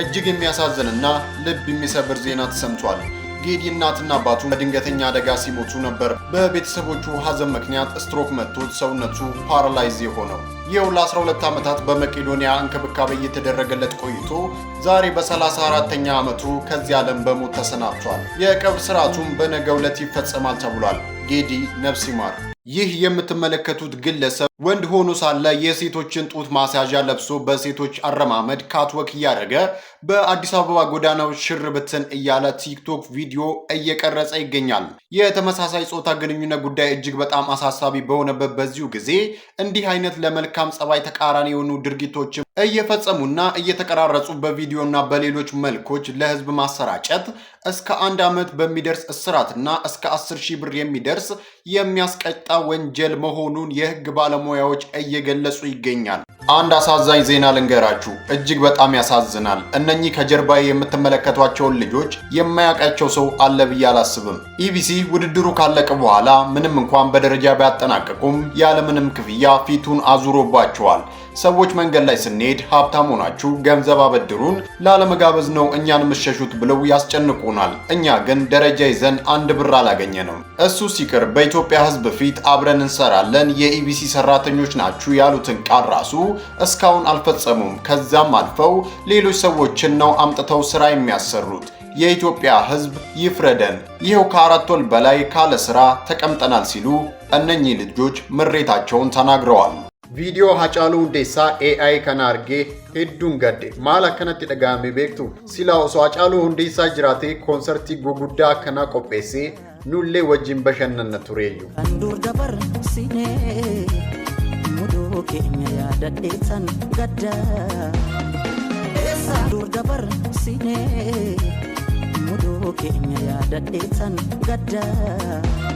እጅግ የሚያሳዝንና ልብ የሚሰብር ዜና ተሰምቷል። ጌዲ እናትና አባቱ በድንገተኛ አደጋ ሲሞቱ ነበር። በቤተሰቦቹ ሀዘን ምክንያት ስትሮክ መጥቶት ሰውነቱ ፓራላይዝ የሆነው ይኸው ለ12 ዓመታት በመቄዶንያ እንክብካቤ እየተደረገለት ቆይቶ ዛሬ በ34ኛ ዓመቱ ከዚህ ዓለም በሞት ተሰናብቷል። የቀብር ስርዓቱም በነገ ዕለት ይፈጸማል ተብሏል። ጌዲ ነፍስ ይማር። ይህ የምትመለከቱት ግለሰብ ወንድ ሆኖ ሳለ የሴቶችን ጡት ማስያዣ ለብሶ በሴቶች አረማመድ ካትወክ እያደረገ በአዲስ አበባ ጎዳናዎች ሽር ብትን እያለ ቲክቶክ ቪዲዮ እየቀረጸ ይገኛል። የተመሳሳይ ጾታ ግንኙነት ጉዳይ እጅግ በጣም አሳሳቢ በሆነበት በዚሁ ጊዜ እንዲህ አይነት ለመልካም ጸባይ ተቃራኒ የሆኑ ድርጊቶችን እየፈጸሙና እየተቀራረጹ በቪዲዮና በሌሎች መልኮች ለህዝብ ማሰራጨት እስከ አንድ ዓመት በሚደርስ እስራትና እስከ አስር ሺህ ብር የሚደርስ የሚያስቀጣ ወንጀል መሆኑን የህግ ባለሙያ ባለሙያዎች እየገለጹ ይገኛል። አንድ አሳዛኝ ዜና ልንገራችሁ። እጅግ በጣም ያሳዝናል። እነኚህ ከጀርባዬ የምትመለከቷቸውን ልጆች የማያውቃቸው ሰው አለ ብዬ አላስብም። ኢቢሲ ውድድሩ ካለቀ በኋላ ምንም እንኳን በደረጃ ቢያጠናቀቁም ያለምንም ክፍያ ፊቱን አዙሮባቸዋል። ሰዎች መንገድ ላይ ስንሄድ ሀብታም ሆናችሁ ገንዘብ አበድሩን ላለመጋበዝ ነው እኛን መሸሹት ብለው ያስጨንቁናል። እኛ ግን ደረጃ ይዘን አንድ ብር አላገኘንም። እሱ ሲቅር በኢትዮጵያ ሕዝብ ፊት አብረን እንሰራለን የኢቢሲ ሰራተኞች ናችሁ ያሉትን ቃል ራሱ እስካሁን አልፈጸሙም። ከዛም አልፈው ሌሎች ሰዎችን ነው አምጥተው ስራ የሚያሰሩት። የኢትዮጵያ ሕዝብ ይፍረደን። ይኸው ከአራት ወር በላይ ካለ ስራ ተቀምጠናል ሲሉ እነኚህ ልጆች ምሬታቸውን ተናግረዋል። ቪዲዮ ሀጫሉ ሁንዴሳ ኤአይ ከናርጌ ሄዱን ገዴ ማል አከነtti dhaga'ame beektu sila osoo Hacaaluu Hundeessaa jiraatee koonsertii guguddaa akkanaa qopheessee nullee wajjin bashannanna tureeyyu. mudoo keenya yaadadheettan gadda eessa dur dabar siinee mudoo keenya yaadadheettan gadda.